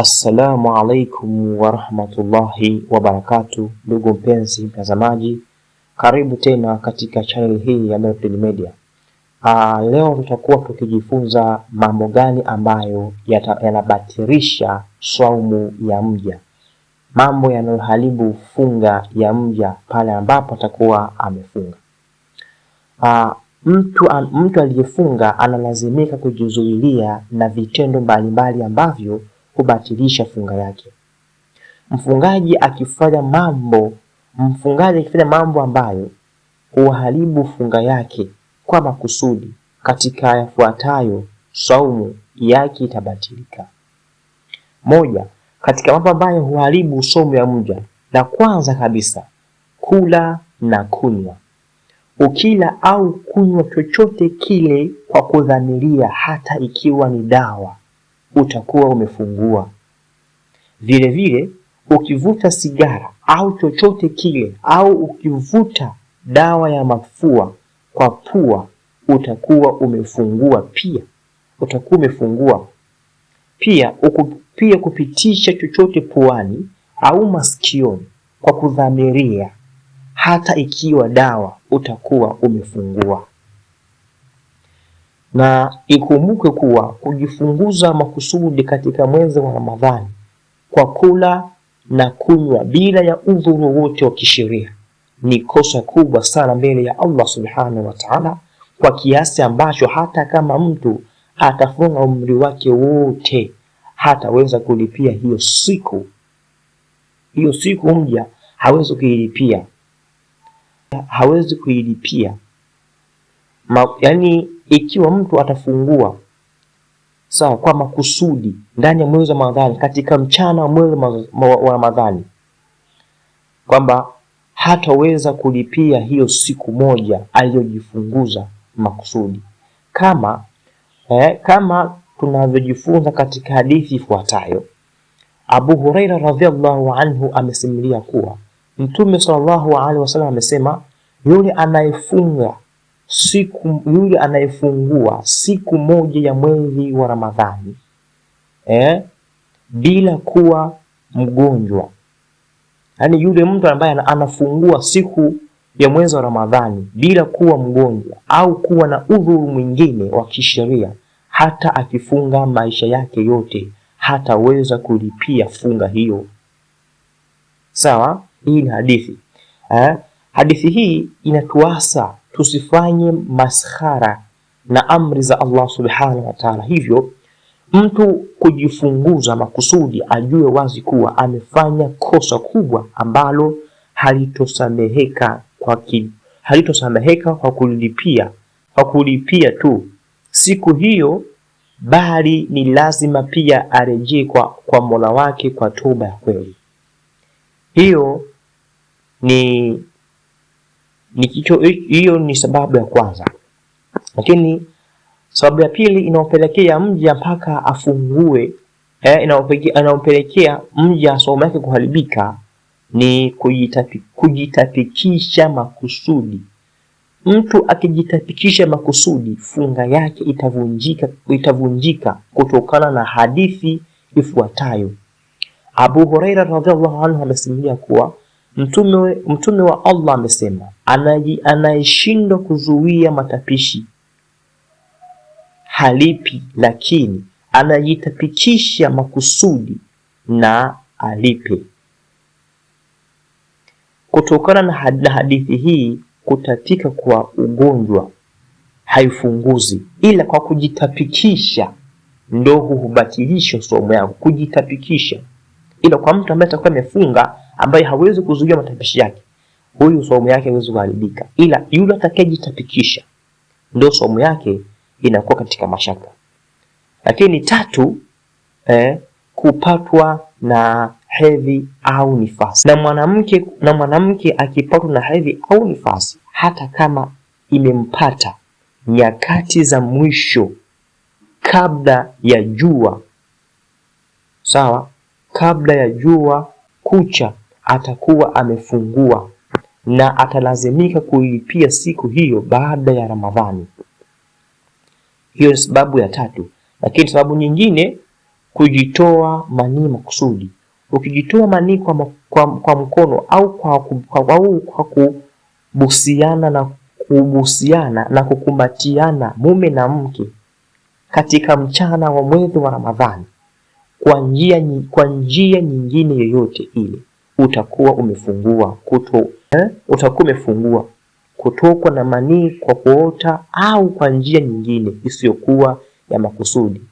Assalamu alaikum warahmatullahi wabarakatu, ndugu mpenzi mtazamaji, karibu tena katika channel hii ya Maped Media. Ah, leo tutakuwa tukijifunza mambo gani ambayo yanabatilisha swaumu ya mja, mambo yanayoharibu funga ya mja pale ambapo atakuwa amefunga. Ah, mtu, mtu aliyefunga analazimika kujizuilia na vitendo mbalimbali ambavyo kubatilisha funga yake Mfungaji akifanya mambo mfungaji akifanya mambo ambayo huharibu funga yake kwa makusudi, katika yafuatayo saumu yake itabatilika. Moja, katika mambo ambayo huharibu saumu ya mja, la kwanza kabisa kula na kunywa. Ukila au kunywa chochote kile kwa kudhamiria, hata ikiwa ni dawa utakuwa umefungua. vile vile ukivuta sigara au chochote kile au ukivuta dawa ya mafua kwa pua utakuwa umefungua pia, utakuwa umefungua pia. Uku, pia kupitisha chochote puani au masikioni kwa kudhamiria, hata ikiwa dawa, utakuwa umefungua na ikumbukwe kuwa kujifunguza makusudi katika mwezi wa Ramadhani kwa kula na kunywa bila ya udhuru wowote wa kisheria ni kosa kubwa sana mbele ya Allah subhanahu wa ta'ala, kwa kiasi ambacho hata kama mtu atafunga umri wake wote hataweza kulipia hiyo siku. Hiyo siku mja hawezi kuilipia, hawezi kuilipia ma, yani ikiwa mtu atafungua sawa kwa makusudi ndani ya mwezi wa Ramadhani, katika mchana wa mwezi wa Ramadhani, kwamba hataweza kulipia hiyo siku moja aliyojifunguza makusudi, kama eh, kama tunavyojifunza katika hadithi ifuatayo. Abu Huraira radhiallahu anhu amesimulia kuwa Mtume sallallahu alaihi wasallam amesema, yule anayefunga siku yule anayefungua siku moja ya mwezi wa Ramadhani eh, bila kuwa mgonjwa, yaani yule mtu ambaye anafungua siku ya mwezi wa Ramadhani bila kuwa mgonjwa au kuwa na udhuru mwingine wa kisheria, hata akifunga maisha yake yote hataweza kulipia funga hiyo. Sawa, hii ni hadithi eh. Hadithi hii inatuasa tusifanye maskhara na amri za Allah subhanahu wa ta'ala. Hivyo mtu kujifunguza makusudi, ajue wazi kuwa amefanya kosa kubwa ambalo halitosameheka kwa ki, halitosameheka kwa kulipia, kwa kulipia tu siku hiyo, bali ni lazima pia arejee kwa, kwa Mola wake kwa toba ya kweli. Hiyo ni hiyo ni sababu ya kwanza, lakini sababu ya pili inaopelekea mja mpaka afungue eh, inaopelekea mja somo yake kuharibika ni kujitafi, kujitafikisha makusudi. Mtu akijitafikisha makusudi, funga yake itavunjika, itavunjika kutokana na hadithi ifuatayo. Abu Huraira radhiallahu anhu amesimulia kuwa Mtume, mtume wa Allah amesema, anayeshindwa kuzuia matapishi halipi, lakini anajitapikisha makusudi na alipe. Kutokana na hadithi hii, kutatika kwa ugonjwa haifunguzi, ila kwa kujitapikisha ndo hubatilisha somo yako, kujitapikisha. Ila kwa mtu ambaye atakuwa amefunga ambaye hawezi kuzuia matapishi yake, huyu somo yake hawezi kuharibika, ila yule atakayejitapikisha ndio somo yake inakuwa katika mashaka. Lakini tatu, eh, kupatwa na hedhi au nifasi. Na mwanamke na mwanamke akipatwa na hedhi au nifasi, hata kama imempata nyakati za mwisho kabla ya jua sawa, kabla ya jua kucha atakuwa amefungua na atalazimika kuilipia siku hiyo baada ya Ramadhani. Hiyo ni sababu ya tatu, lakini sababu nyingine kujitoa manii makusudi. Ukijitoa manii kwa, kwa, kwa mkono au kwa, kwa, kwa, kwa kubusiana na kubusiana na kukumbatiana mume na mke katika mchana wa mwezi wa Ramadhani kwa njia, kwa njia nyingine yoyote ile utakuwa umefungua kuto, eh? utakuwa umefungua kutokwa na manii kwa kuota au kwa njia nyingine isiyokuwa ya makusudi.